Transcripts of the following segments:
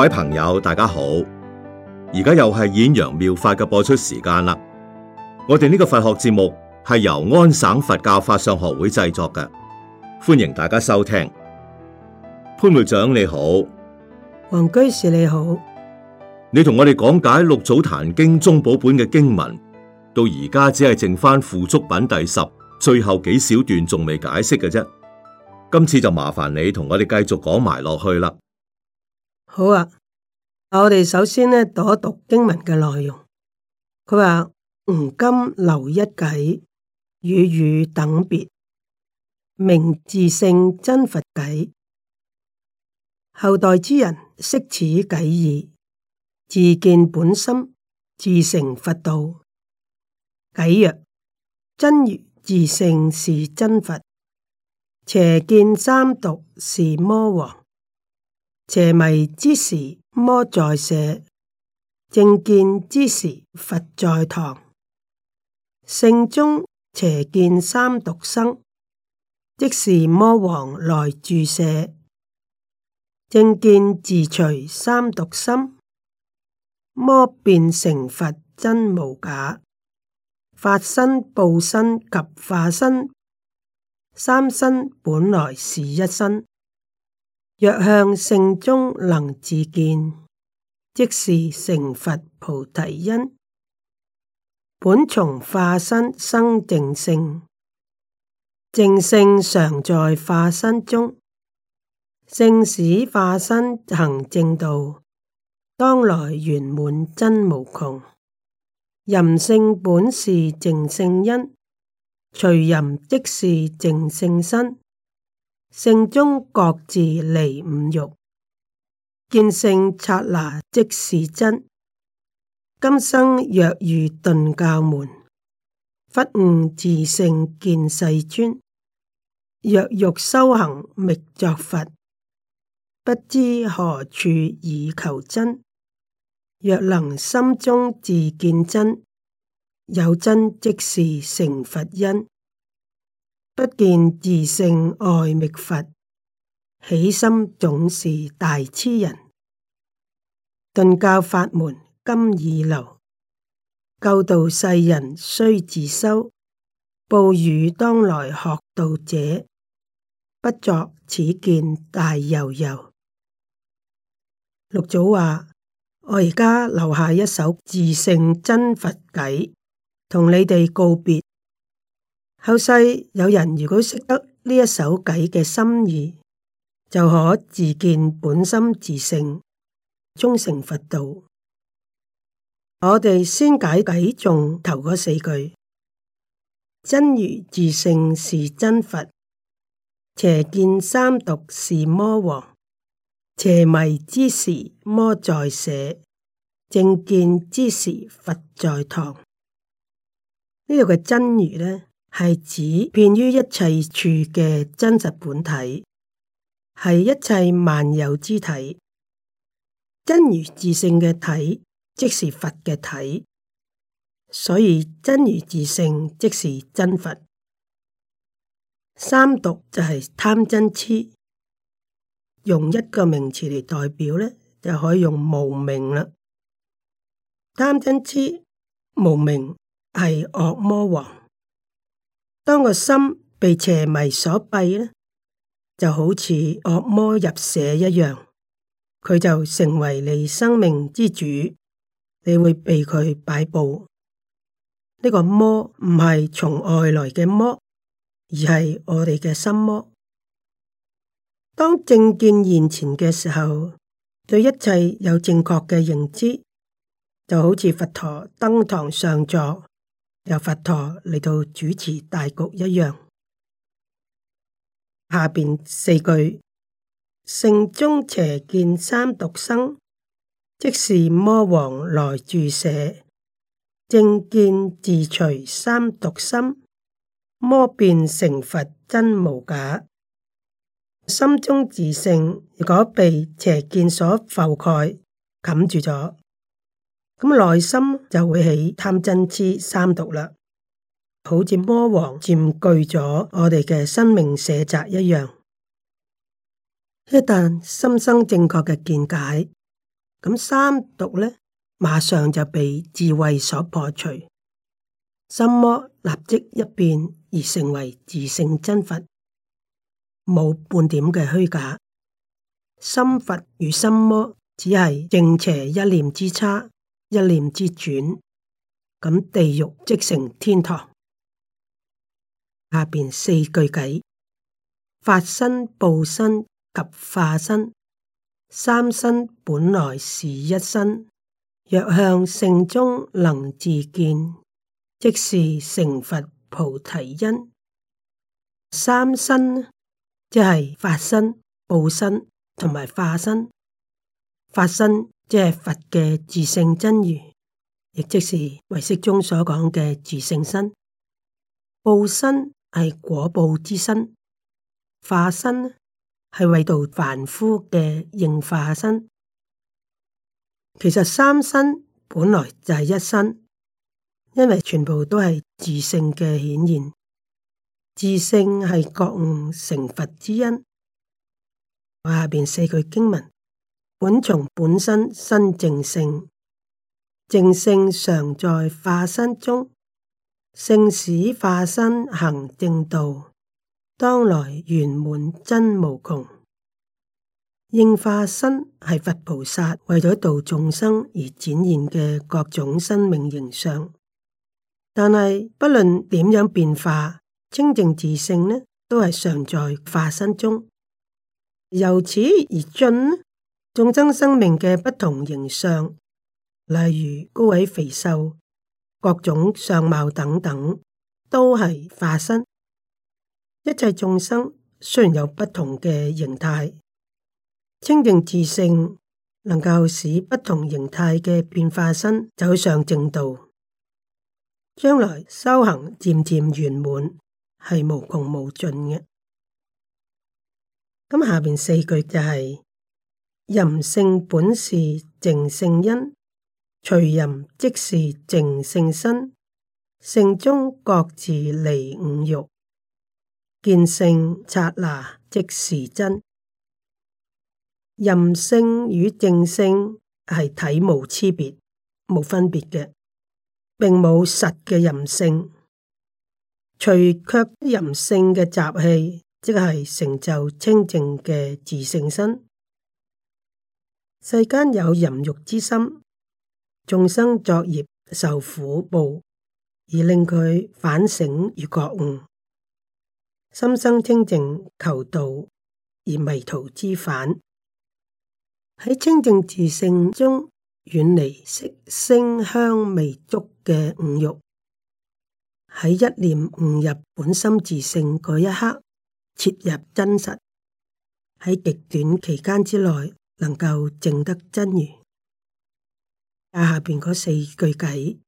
各位朋友，大家好！而家又係演揚妙，妙法嘅播出時間啦。我哋呢個佛學節目係由安省佛教法相學會製作嘅，歡迎大家收聽。潘會長你好，黃居士你好，你同我哋講解《六祖壇經》中寶本嘅經文，到而家只係剩返付囑品第十最後幾小段仲未解釋嘅啫。今次就麻煩你同我哋繼續講埋落去啦。好啊！我哋首先呢，讀一讀經文嘅內容。佢話：吾今留一偈，與汝等別。名自性真佛偈，後代之人識此偈意，自見本心，自成佛道。偈曰：真如自性是真佛，邪見三毒是魔王。邪迷之時，魔在舍；正見之時，佛在堂。性中邪見三毒生，即是魔王來住舍；正見自除三毒心，魔變成佛真無假。法身、報身及化身，三身本來是一身。若向性中能自見，即是成佛菩提因。本從化身生淨性，淨性常在化身中。性使化身行正道，當來圓滿真無窮。淫性本是淨性因，隨淫即是淨性身。性中各自離五欲，見性刹那即是真。今生若遇頓教門，忽悟自性見世尊。若欲修行覓作佛，不知何處以求真。若能心中自見真，有真即是成佛因。不見自性愛覓佛，起心總是大痴人。頓教法門今已流，救度世人須自修。報汝當來學道者，不作此見大悠悠。六祖話：我而家留下一首自性真佛偈，同你哋告別。後世有人如果識得呢一首偈嘅心意，就可自見本心自性，終成佛道。我哋先解偈，仲頭嗰四句：真如自性是真佛，邪見三毒是魔王，邪迷之時魔在舍，正見之時佛在堂。呢度嘅真如呢。係指遍於一切處嘅真實本體，係一切萬有之體，真如自性嘅體，即是佛嘅體。所以真如自性即是真佛。三毒就係貪、嗔、痴。用一個名詞嚟代表呢，就可以用無明啦。貪、嗔、痴，無明，係惡魔王。當個心被邪迷所蔽咧，就好似惡魔入舍一樣，佢就成為你生命之主，你會被佢擺布。呢、這個魔唔係從外來嘅魔，而係我哋嘅心魔。當正見現前嘅時候，對一切有正確嘅認知，就好似佛陀登堂上座。由佛陀嚟到主持大局一樣，下邊四句：性中邪見三毒生，即是魔王來住舍；正見自除三毒心，魔變成佛真無假。心中自性，如果被邪見所覆蓋，冚住咗。咁內心就會起貪嗔癡三毒啦，好似魔王佔據咗我哋嘅生命社集一樣。一旦心生正確嘅見解，咁三毒咧馬上就被智慧所破除，心魔立即一變而成為自性真佛，冇半點嘅虛假。心佛與心魔只係正邪一念之差。一念之轉，咁地獄即成天堂。下邊四句偈：法身、報身及化身，三身本來是一身。若向性中能自見，即是成佛菩提因。三身即係法身、報身同埋化身，法身。即係佛嘅自性真如，亦即是唯識中所講嘅自性身。報身係果報之身，化身係為度凡夫嘅應化身。其實三身本來就係一身，因為全部都係自性嘅顯現。自性係覺悟成佛之因。我下邊四句經文。本從本身身正性，正性常在化身中，聖使化身行正道，當來圓滿真無窮。應化身係佛菩薩為咗度眾生而展現嘅各種生命形象。但係，不論點樣變化，清淨自性呢，都係常在化身中。由此而進，眾生生命嘅不同形象，例如高矮肥瘦、各種相貌等等，都係化身。一切眾生雖然有不同嘅形態，清淨自性能夠使不同形態嘅變化身走上正道，將來修行漸漸圓滿，係無窮無盡嘅。咁下面四句就係、是。淫性本是淨性因，除淫即是淨性身。性中各自離五欲，見性刹那即是真。淫性與淨性係體無差別，冇分別嘅，並冇實嘅淫性，除卻淫性嘅習氣，即係成就清淨嘅自性身。世間有淫欲之心，眾生作業受苦報，而令佢反省與覺悟，心生清淨求道而迷途知返。喺清淨自性中遠離色聲香味觸嘅五欲，喺一念悟入本心自性嗰一刻，切入真實，喺極短期間之內。能夠證得真如，下邊嗰四句偈：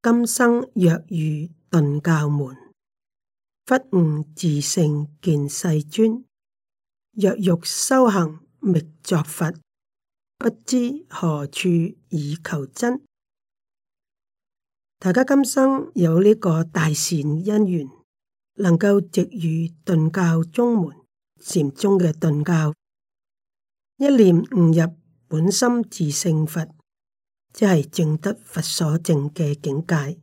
今生若遇頓教門，忽悟自性見世尊；若欲修行覓作佛，不知何處以求真。大家今生有呢個大善因緣，能夠值遇頓教宗門禪宗嘅頓教。一念悟入本心自性佛，即係證得佛所證嘅境界。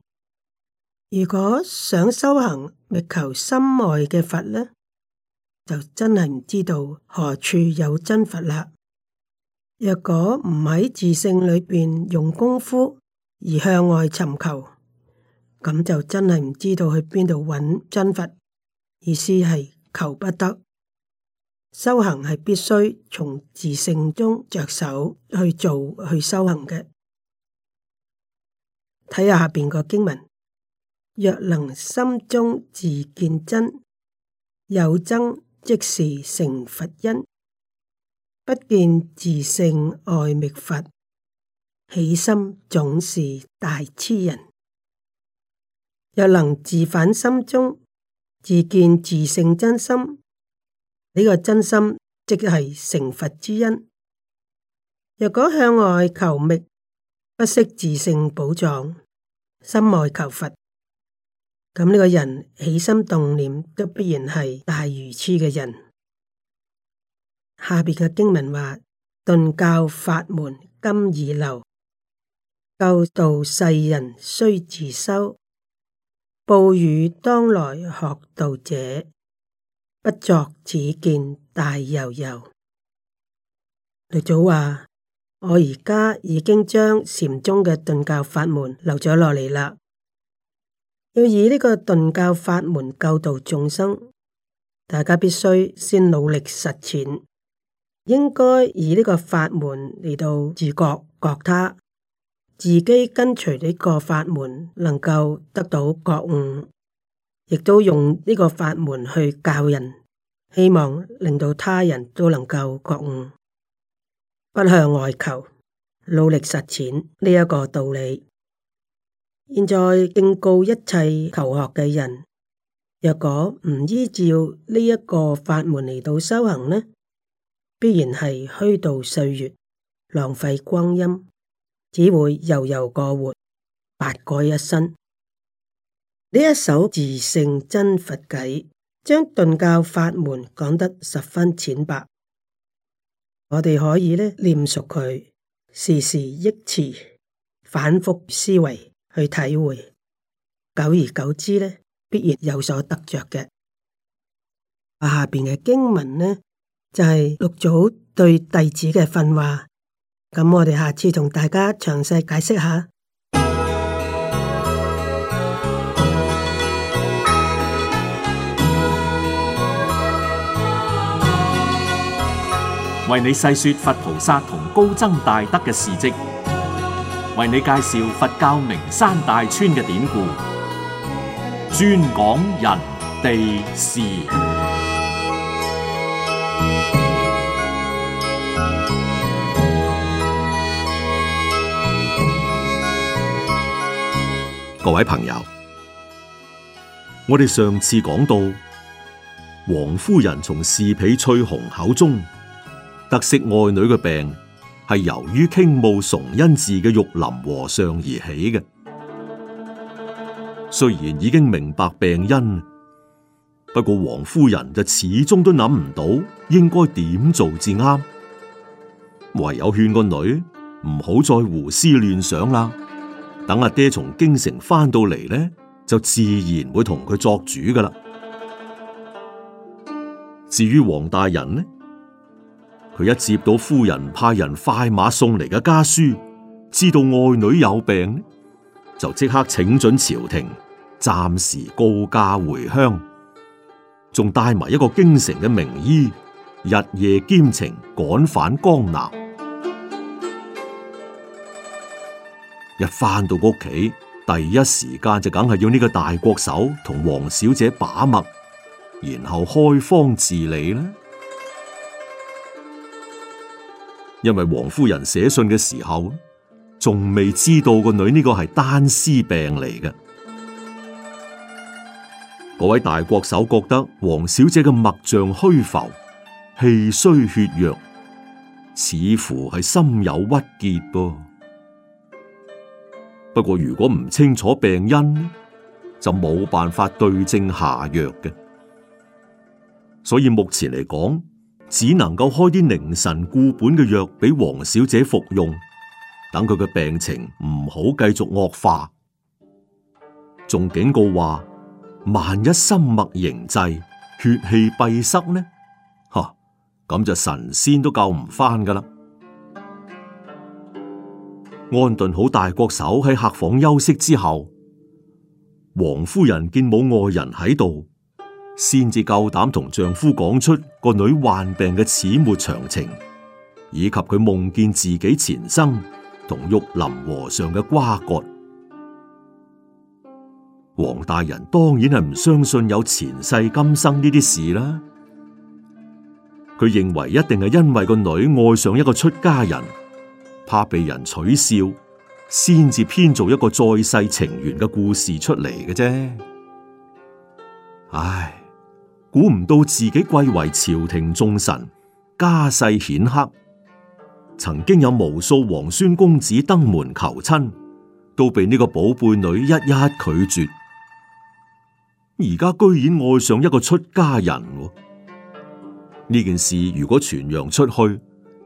如果想修行，覓求心外嘅佛呢，就真係唔知道何處有真佛啦。若果唔喺自性裏邊用功夫，而向外尋求，咁就真係唔知道去邊度揾真佛，意思係求不得。修行係必須從自性中着手去做去修行嘅。睇下下邊個經文：若能心中自見真，有真即是成佛因；不見自性外覓佛，起心總是大痴人。若能自反心中自見自性真心。呢個真心即係成佛之因。若果向外求覓，不識自性寶藏；心外求佛，咁呢個人起心動念都必然係大愚痴嘅人。下邊嘅經文話：頓教法門今已流，救度世人須自修，報汝當來學道者。不作此見，大悠悠。六祖話：我而家已經將禪宗嘅頓教法門留咗落嚟啦，要以呢個頓教法門救度眾生。大家必須先努力實踐，應該以呢個法門嚟到自覺覺他，自己跟隨呢個法門，能夠得到覺悟。亦都用呢個法門去教人，希望令到他人都能夠覺悟，不向外求，努力實踐呢一個道理。現在敬告一切求學嘅人，若果唔依照呢一個法門嚟到修行呢，必然係虛度歲月，浪費光陰，只會悠悠過活，白過一生。呢一首自性真佛偈，將頓教法門講得十分淺白，我哋可以呢念熟佢，時時憶持，反覆思維去體會，久而久之呢，必然有所得着嘅。下邊嘅經文呢，就係六祖對弟子嘅訓話，咁我哋下次同大家詳細解釋下。為你細說佛菩薩同高僧大德嘅事跡，為你介紹佛教名山大川嘅典故，專講人地事。各位朋友，我哋上次講到王夫人從侍婢翠紅口中，特色愛女嘅病係由於傾慕崇恩寺嘅玉林和尚而起嘅。雖然已經明白病因，不過王夫人就始終都諗唔到應該點做至啱，唯有勸個女唔好再胡思亂想啦。等阿爹從京城翻到嚟呢，就自然會同佢作主噶啦。至於王大人呢？佢一接到夫人派人快馬送嚟嘅家書，知道愛女有病，就即刻請准朝廷暫時告假回鄉，仲帶埋一個京城嘅名醫，日夜兼程趕返江南。一返到屋企，第一時間就梗係要呢個大國手同黃小姐把脈，然後開方治理啦。因為王夫人寫信嘅時候，仲未知道個女呢個係單思病嚟嘅。嗰 位大國手覺得黃小姐嘅脈象虛浮，氣衰血弱，似乎係心有鬱結噃、啊。不過如果唔清楚病因，就冇辦法對症下藥嘅。所以目前嚟講。只能夠開啲凝神固本嘅藥俾黃小姐服用，等佢嘅病情唔好繼續惡化。仲警告話，萬一心脈凝滯、血氣閉塞呢？吓，咁就神仙都救唔翻噶啦。安頓好大國手喺客房休息之後，黃夫人見冇外人喺度，先至夠膽同丈夫講出個女患病嘅始末詳情，以及佢夢見自己前生同玉林和尚嘅瓜葛。黃大人當然係唔相信有前世今生呢啲事啦。佢認為一定係因為個女愛上一個出家人，怕被人取笑，先至編造一個再世情緣嘅故事出嚟嘅啫。唉。估唔到自己貴為朝廷重臣，家世顯赫，曾經有無數皇孫公子登門求親，都被呢個寶貝女一一拒絕。而家居然愛上一個出家人，呢件事如果傳揚出去，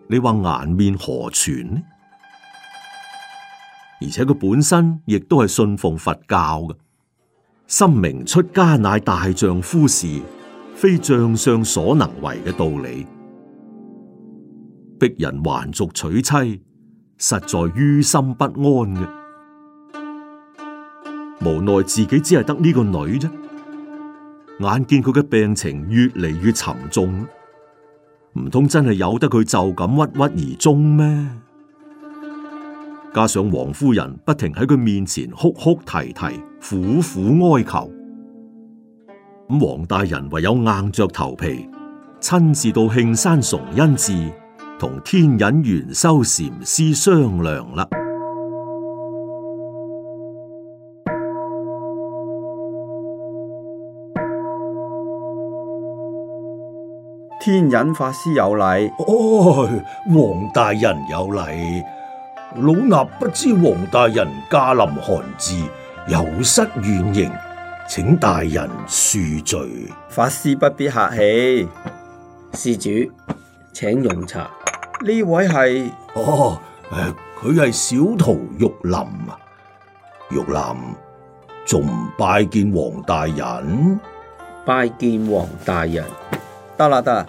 你話顏面何存呢？而且佢本身亦都係信奉佛教嘅，深明出家乃大丈夫事。非將相所能為嘅道理，逼人還俗娶妻，實在於心不安嘅。無奈自己只係得呢個女啫，眼見佢嘅病情越嚟越沉重，唔通真係由得佢就咁鬱鬱而終咩？加上王夫人不停喺佢面前哭哭啼啼，苦苦哀求。咁王大人唯有硬着頭皮，親自到慶山崇恩寺同天隱圓修禪師商量啦。天隱法師有禮，哎、哦，王大人有禮。老衲不知王大人駕臨寒寺，有失遠迎。請大人恕罪。法師不必客氣，施主請用茶。呢位係哦，佢、呃、係小徒玉林啊。玉林仲唔拜見王大人。拜見王大人。得啦得。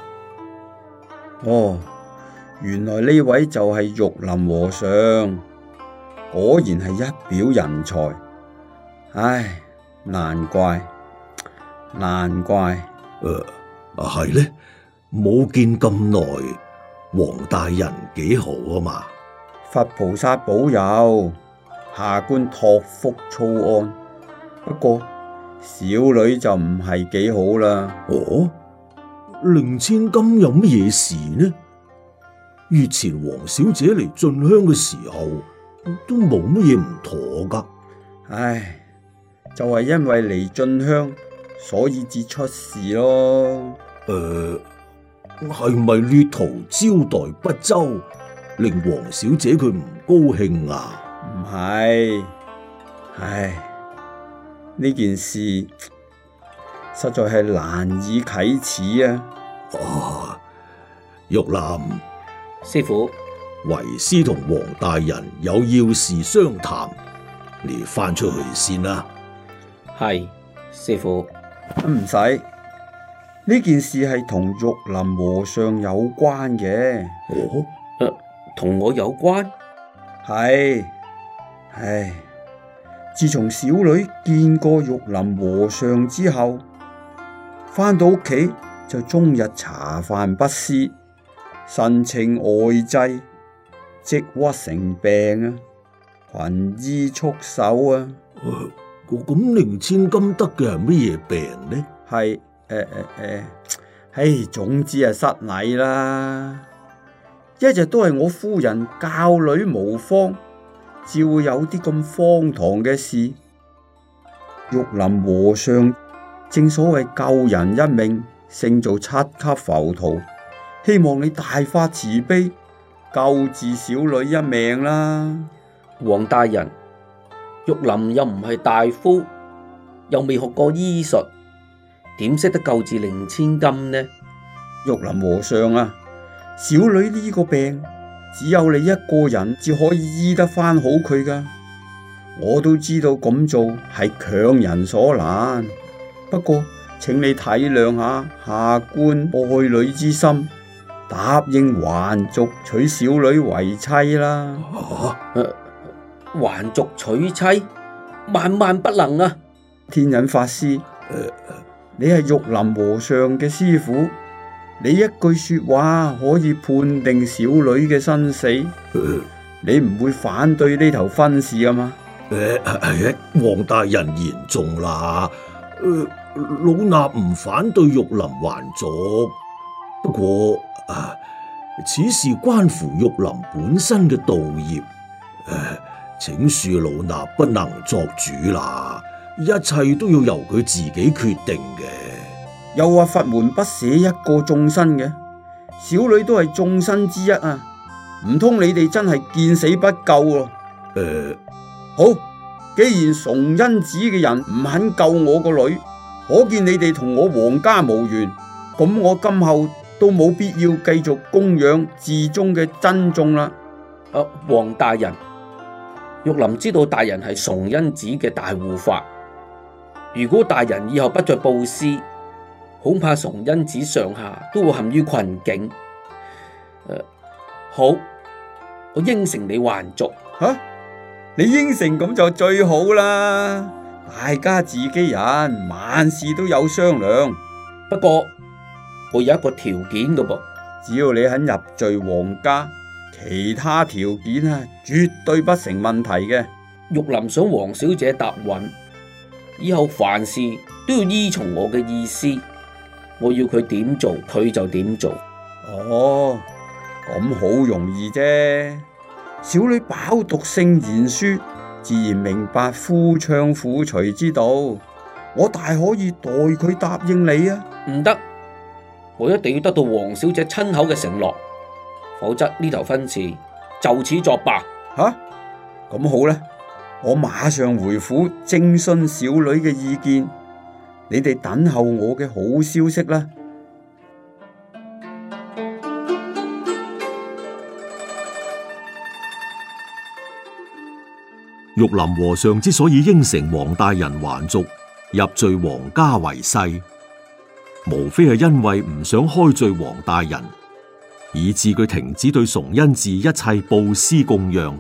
哦，原來呢位就係玉林和尚，果然係一表人才。唉。難怪，難怪。誒、呃，係咧，冇見咁耐，黃大人幾好啊嘛！佛菩薩保佑，下官託福操安。不過小女就唔係幾好啦，啊。哦，零千金有乜嘢事呢？月前黃小姐嚟進香嘅時候，都冇乜嘢唔妥噶。唉。就係因為嚟進香，所以至出事咯。誒、呃，係咪劣徒招待不周，令王小姐佢唔高興啊？唔係，唉，呢件事實在係難以啟齒啊！哦，玉林師傅父，為師同王大人有要事商談，你翻出去先啦。係師父，唔使。呢件事係同玉林和尚有關嘅。哦、呃、同我有關？係，唉，自從小女見過玉林和尚之後，翻到屋企就終日茶飯不思，神情呆滯，積鬱成病啊，群醫束手啊。呃我咁零千金得嘅係乜嘢病呢？係誒誒誒，唉，總之係失禮啦。一直都係我夫人教女無方，至會有啲咁荒唐嘅事。玉林和尚，正所謂救人一命勝造七級浮屠，希望你大發慈悲，救治小女一命啦，王大人。玉林又唔係大夫，又未學過醫術，點識得救治令千金呢？玉林和尚啊，小女呢個病，只有你一個人至可以醫得翻好佢噶。我都知道咁做係強人所難，不過請你體諒下下官愛女之心，答應還俗娶小女為妻啦。啊？還俗娶妻，萬萬不能啊！天隱法師，呃、你係玉林和尚嘅師傅，你一句說話可以判定小女嘅生死，呃、你唔會反對呢頭婚事啊？嘛、呃，誒、呃，王大人言重啦、呃。老衲唔反對玉林還俗，不過啊、呃，此事關乎玉林本身嘅道業，呃請恕老衲不能作主啦，一切都要由佢自己決定嘅。又話佛門不捨一個眾生嘅，小女都係眾生之一啊！唔通你哋真係見死不救，啊？誒、呃，好，既然崇恩寺嘅人唔肯救我個女，可見你哋同我皇家無緣，咁我今後都冇必要繼續供養寺中嘅僧眾啦。啊、呃，王大人。玉林知道大人係崇恩子嘅大護法，如果大人以後不再布施，恐怕崇恩子上下都會陷於困境，呃。好，我應承你還俗。吓，啊，你應承咁就最好啦，大家自己人，萬事都有商量。不過我有一個條件㗎噃。只要你肯入贅皇家。其他條件啊，絕對不成問題嘅。玉林想王小姐答允，以後凡事都要依從我嘅意思，我要佢點做，佢就點做。哦，咁好容易啫。小女飽讀聖賢書，自然明白夫唱婦隨之道，我大可以代佢答應你啊。唔得，我一定要得到王小姐親口嘅承諾。否則呢頭婚事就此作罷吓？咁、啊、好啦，我馬上回府徵詢小女嘅意見，你哋等候我嘅好消息啦。玉林和尚之所以應承王大人還俗入贅王家為婿，無非係因為唔想開罪王大人。以致佢停止對崇恩寺一切布施供養，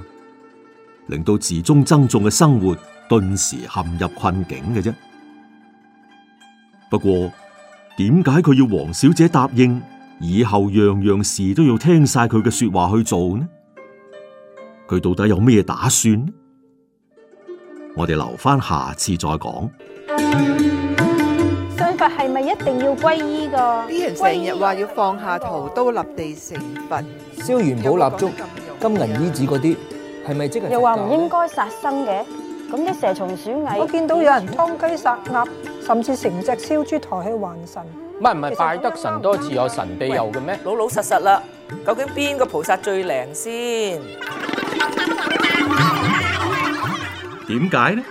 令到寺中僧眾嘅生活頓時陷入困境嘅啫。不過，點解佢要黃小姐答應以後樣樣事都要聽晒佢嘅說話去做呢？佢到底有咩打算？我哋留翻下次再講。佛係咪一定要皈依個？啲人成日話要放下屠刀立地成佛，燒元寶蠟燭、金銀衣紙嗰啲，係咪即係？又話唔應該殺生嘅，咁啲蛇蟲鼠蟻，我見到有人劏雞殺鴨，甚至成隻燒豬抬去還神。唔係唔係，拜得神多自有神庇佑嘅咩？老老實實啦，究竟邊個菩薩最靈先？點解呢？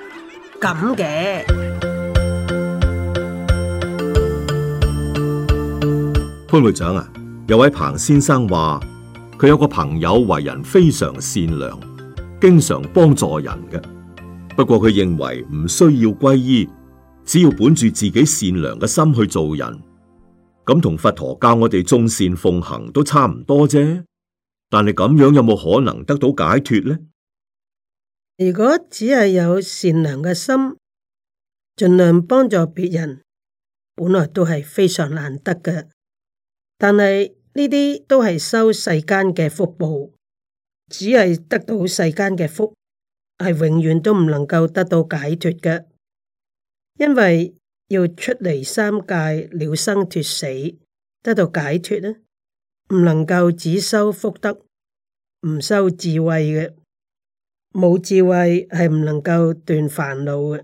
咁嘅。潘會長啊，有位彭先生話，佢有個朋友為人非常善良，經常幫助人嘅。不過佢認為唔需要皈依，只要本住自己善良嘅心去做人，咁同佛陀教我哋眾善奉行都差唔多啫。但係咁樣有冇可能得到解脱呢？如果只係有善良嘅心，盡量幫助別人，本來都係非常難得嘅。但係呢啲都係修世間嘅福報，只係得到世間嘅福，係永遠都唔能夠得到解脱嘅。因為要出離三界了生脱死，得到解脱呢，唔能夠只修福德，唔修智慧嘅，冇智慧係唔能夠斷煩惱嘅。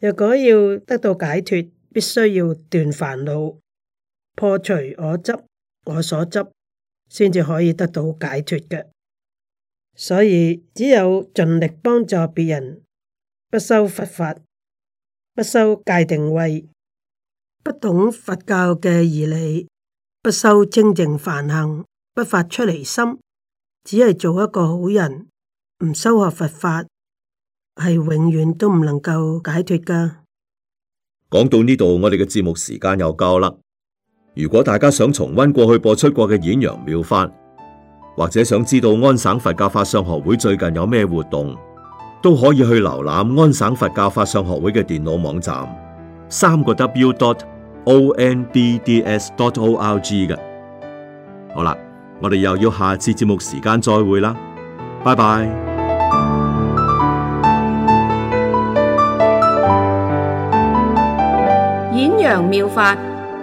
若果要得到解脱，必須要斷煩惱。破除我執，我所執，先至可以得到解脫嘅。所以只有盡力幫助別人，不修佛法，不修戒定慧，不懂佛教嘅義理，不修清淨梵行，不發出離心，只係做一個好人，唔修學佛法，係永遠都唔能夠解脫噶。講到呢度，我哋嘅節目時間又夠啦。如果大家想重溫過去播出過嘅演揚妙法，或者想知道安省佛教法上學會最近有咩活動，都可以去瀏覽安省佛教法上學會嘅電腦網站，三個 w.dot.o.n.b.d.s.dot.o.r.g 嘅。好啦，我哋又要下次節目時間再會啦，拜拜。演揚妙法，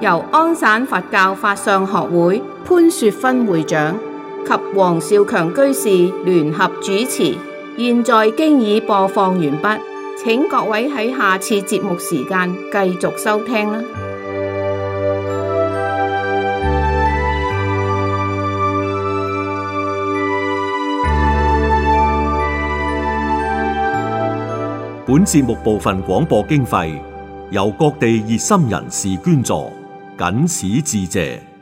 由安省佛教法相學會潘雪芬會長及黃少強居士聯合主持，現在經已播放完畢，請各位喺下次節目時間繼續收聽啦。本節目部分廣播經費由各地熱心人士捐助。僅此致謝。